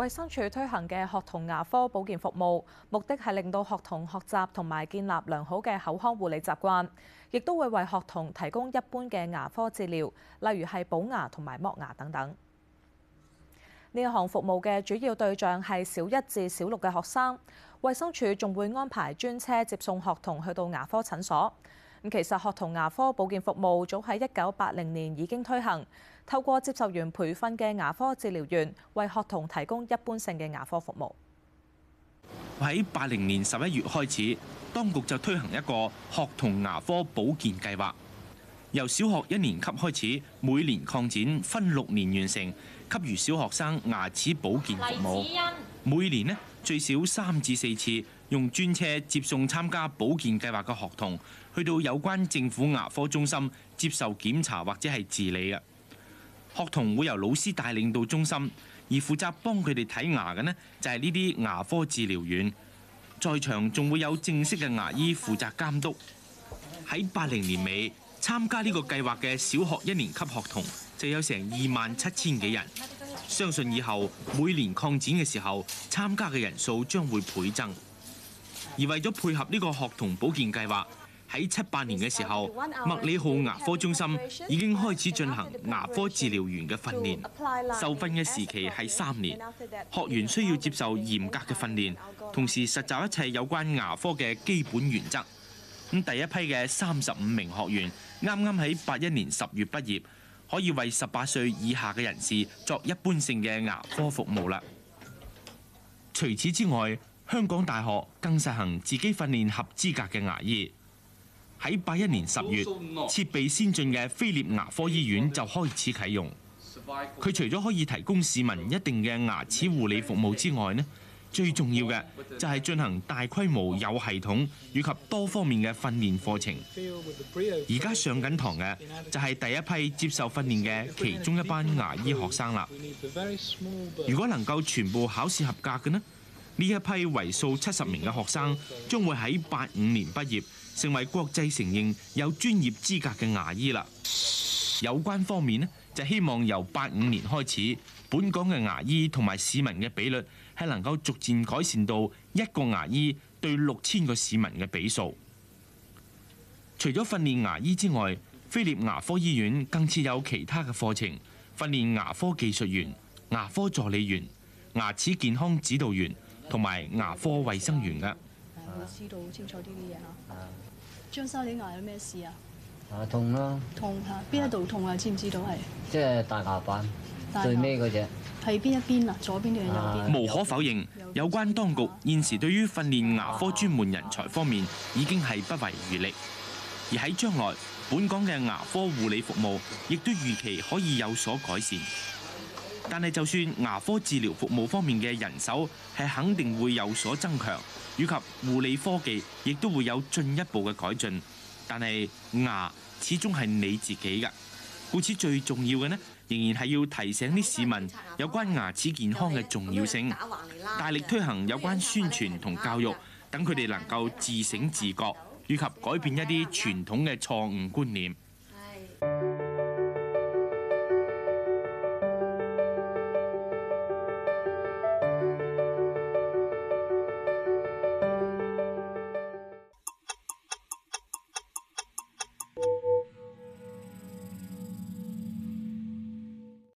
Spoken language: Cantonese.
衛生署推行嘅學童牙科保健服務，目的係令到學童學習同埋建立良好嘅口腔護理習慣，亦都會為學童提供一般嘅牙科治療，例如係補牙同埋剝牙等等。呢一項服務嘅主要對象係小一至小六嘅學生，衛生署仲會安排專車接送學童去到牙科診所。咁其實學童牙科保健服務早喺一九八零年已經推行，透過接受完培訓嘅牙科治療員為學童提供一般性嘅牙科服務。喺八零年十一月開始，當局就推行一個學童牙科保健計劃，由小學一年級開始，每年擴展，分六年完成，給予小學生牙齒保健服務，每年呢最少三至四次。用專車接送參加保健計劃嘅學童去到有關政府牙科中心接受檢查或者係治理，嘅學童會由老師帶領到中心，而負責幫佢哋睇牙嘅呢就係呢啲牙科治療員，在場仲會有正式嘅牙醫負責監督。喺八零年尾參加呢個計劃嘅小學一年級學童就有成二萬七千幾人，相信以後每年擴展嘅時候參加嘅人數將會倍增。而為咗配合呢個學童保健計劃，喺七八年嘅時候，麥理浩牙科中心已經開始進行牙科治療員嘅訓練，受訓嘅時期係三年。學員需要接受嚴格嘅訓練，同時實習一切有關牙科嘅基本原則。咁第一批嘅三十五名學員啱啱喺八一年十月畢業，可以為十八歲以下嘅人士作一般性嘅牙科服務啦。除此之外，香港大學更實行自己訓練合資格嘅牙醫。喺八一年十月，設備先進嘅菲臘牙科醫院就開始啟用。佢除咗可以提供市民一定嘅牙齒護理服務之外，呢最重要嘅就係進行大規模、有系統以及多方面嘅訓練課程。而家上緊堂嘅就係第一批接受訓練嘅其中一班牙醫學生啦。如果能夠全部考試合格嘅呢，呢一批為數七十名嘅學生將會喺八五年畢業，成為國際承認有專業資格嘅牙醫啦。有關方面呢就希望由八五年開始，本港嘅牙醫同埋市民嘅比率係能夠逐漸改善到一個牙醫對六千個市民嘅比數。除咗訓練牙醫之外，菲臘牙科醫院更設有其他嘅課程，訓練牙科技術員、牙科助理員、牙齒健康指導員。同埋牙科衛生員嘅，我知道清楚啲啲嘢啊。張修，你牙有咩事啊？牙痛啦。痛嚇，邊一度痛啊？知唔知道係？即係大牙板，最尾嗰隻。係邊一邊啊？左邊定右邊？無可否認，有關當局現時對於訓練牙科專門人才方面，已經係不遺餘力。而喺將來，本港嘅牙科護理服務，亦都預期可以有所改善。但係，就算牙科治療服務方面嘅人手係肯定會有所增強，以及護理科技亦都會有進一步嘅改進。但係牙始終係你自己㗎，故此最重要嘅呢，仍然係要提醒啲市民有關牙齒健康嘅重要性，大力推行有關宣傳同教育，等佢哋能夠自省自覺，與及改變一啲傳統嘅錯誤觀念。